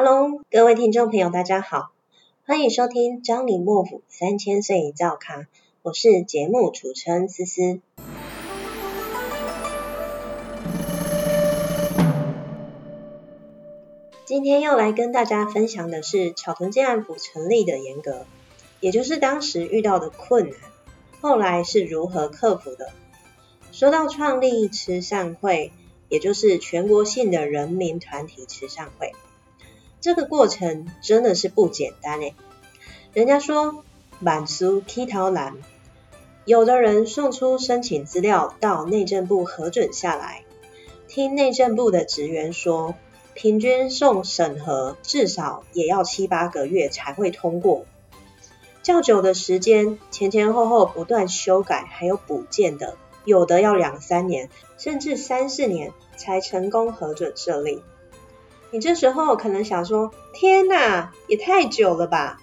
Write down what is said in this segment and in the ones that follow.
Hello，各位聽眾朋友，大家好，歡迎收聽張李莫府三千歲一造卡。我是節目主持人思思。今天要來跟大家分享的是草屯進安府成立的沿革，也就是當時遇到的困難，後來是如何克服的。說到創立慈善會，也就是全國性的人民團體慈善會。這個過程真的是不簡單誒，人家說萬事起頭難，有的人送出申請資料到內政部核准下來，聽內政部的職員說，平均送審核至少也要七八個月才會通過，較久的時間前前後後不斷修改還有補件的，有的要兩三年甚至三四年才成功核准設立。你這時候可能想說：“天哪，也太久了吧？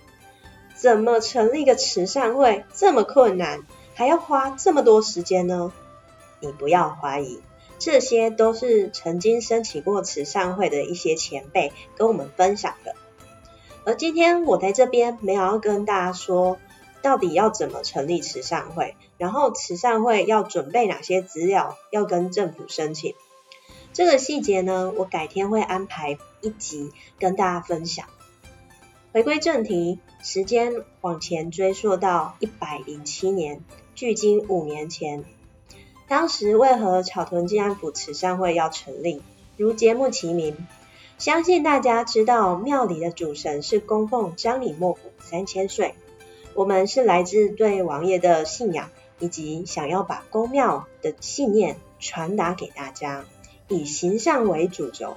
怎麼成立個慈善會這麼困難，還要花這麼多時間呢？”你不要懷疑，這些都是曾經申請過慈善會的一些前輩跟我們分享的。而今天我在這邊沒有要跟大家說到底要怎麼成立慈善會，然後慈善會要準備哪些資料要跟政府申請。這個細節呢，我改天會安排一集跟大家分享。回歸正題，時間往前追溯到一百零七年，距今五年前。當時為何草屯進安府慈善會要成立？如節目其名，相信大家知道廟裡的主神是供奉張李莫府三千歲。我們是來自對王爺的信仰，以及想要把宮廟的信念傳達給大家。以行善為主軸，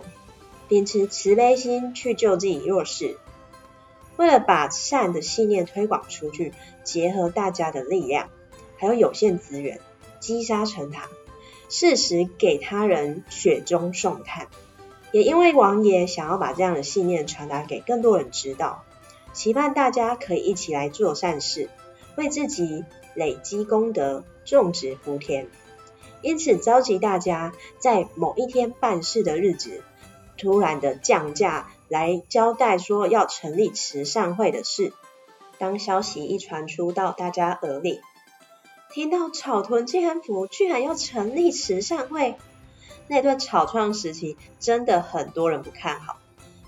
秉持慈悲心去救濟弱勢。為了把善的信念推廣出去，結合大家的力量，還有有限資源，積沙成塔，適時給他人雪中送炭。也因為王爺想要把這樣的信念傳達給更多人知道，期盼大家可以一起來做善事，為自己累積功德，種植福田。因此，召集大家在某一天辦事的日子，突然的降駕來交代說要成立慈善會的事。當消息一傳出到大家耳裡，聽到草屯進安府居然要成立慈善會，那段草創時期，真的很多人不看好，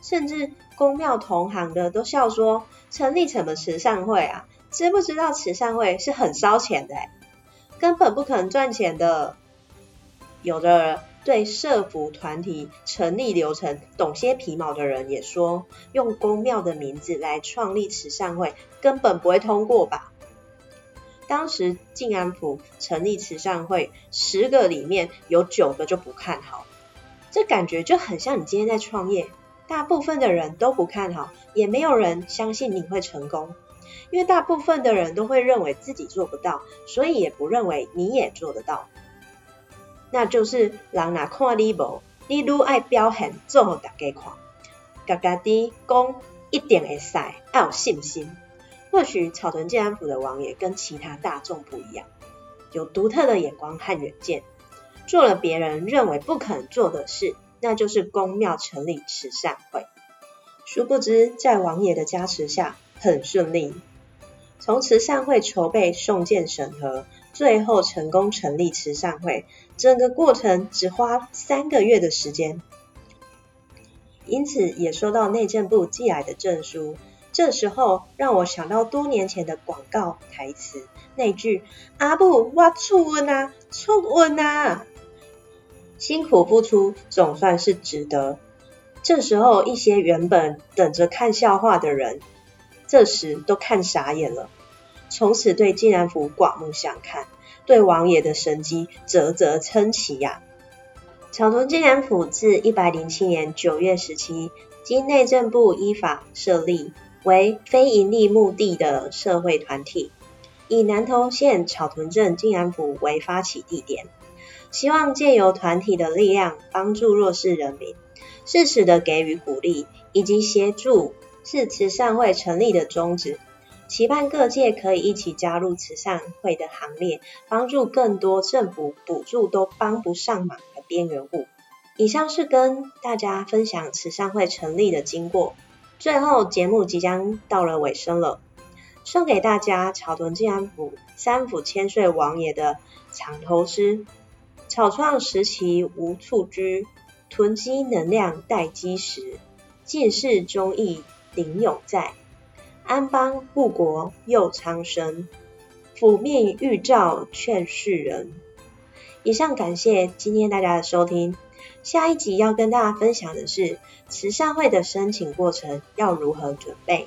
甚至宮廟同行的都笑說：“成立什麼慈善會啊？知不知道慈善會是很燒錢的、欸？”根本不可能賺錢的。有的對社福團體成立流程懂些皮毛的人也說，用宮廟的名字來創立慈善會，根本不會通過吧？當時進安府成立慈善會，十個裡面有九個就不看好，這感覺就很像你今天在創業，大部分的人都不看好，也沒有人相信你會成功。因為大部分的人都會認為自己做不到，所以也不認為你也做得到。那就是人拿看立某，你都愛表現，做好大家看，嘎嘎的講一定會使，要有信心。或許草屯進安府的王爺跟其他大眾不一樣，有獨特的眼光和遠見，做了別人認為不肯做的事，那就是宮廟成立慈善會。殊不知，在王爺的加持下，很順利。從慈善會籌備、送件、審核，最後成功成立慈善會，整個過程只花三個月的時間。因此也收到內政部寄來的證書。這時候讓我想到多年前的廣告台詞，那句“阿母，我出運啊，出運啊”，辛苦付出總算是值得。這時候一些原本等着看笑話的人。這時都看傻眼了，從此對進安府刮目相看，對王爺的神蹟嘖嘖稱奇呀、啊。草屯進安府自107年9月17日經內政部依法設立，為非營利目的的社會團體，以南投縣草屯鎮進安府為發起地點，希望借由團體的力量幫助弱勢人民，適時的給予鼓勵以及協助。是慈善會成立的宗旨，期盼各界可以一起加入慈善會的行列，幫助更多政府補助都幫不上忙的邊緣戶。以上是跟大家分享慈善會成立的經過。最後節目即將到了尾聲了，送給大家草屯進安府三府千歲王爺的藏頭詩：草創時期無處居，囤積能量待積時，盡是忠義。林永在，安邦護國又蒼生，撫面玉照勸世人。以上感謝今天大家的收聽。下一集要跟大家分享的是慈善會的申請過程要如何準備，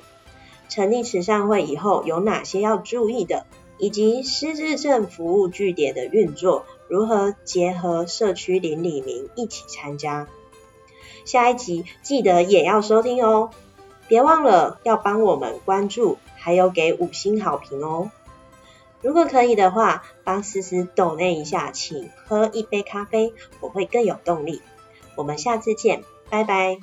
成立慈善會以後有哪些要注意的，以及失智症服務據點的運作如何結合社區鄰里民一起參加。下一集記得也要收聽哦。別忘了要幫我們關注，還有給五星好評哦！如果可以的話，幫絲絲抖內一下，請喝一杯咖啡，我會更有動力。我們下次見，拜拜。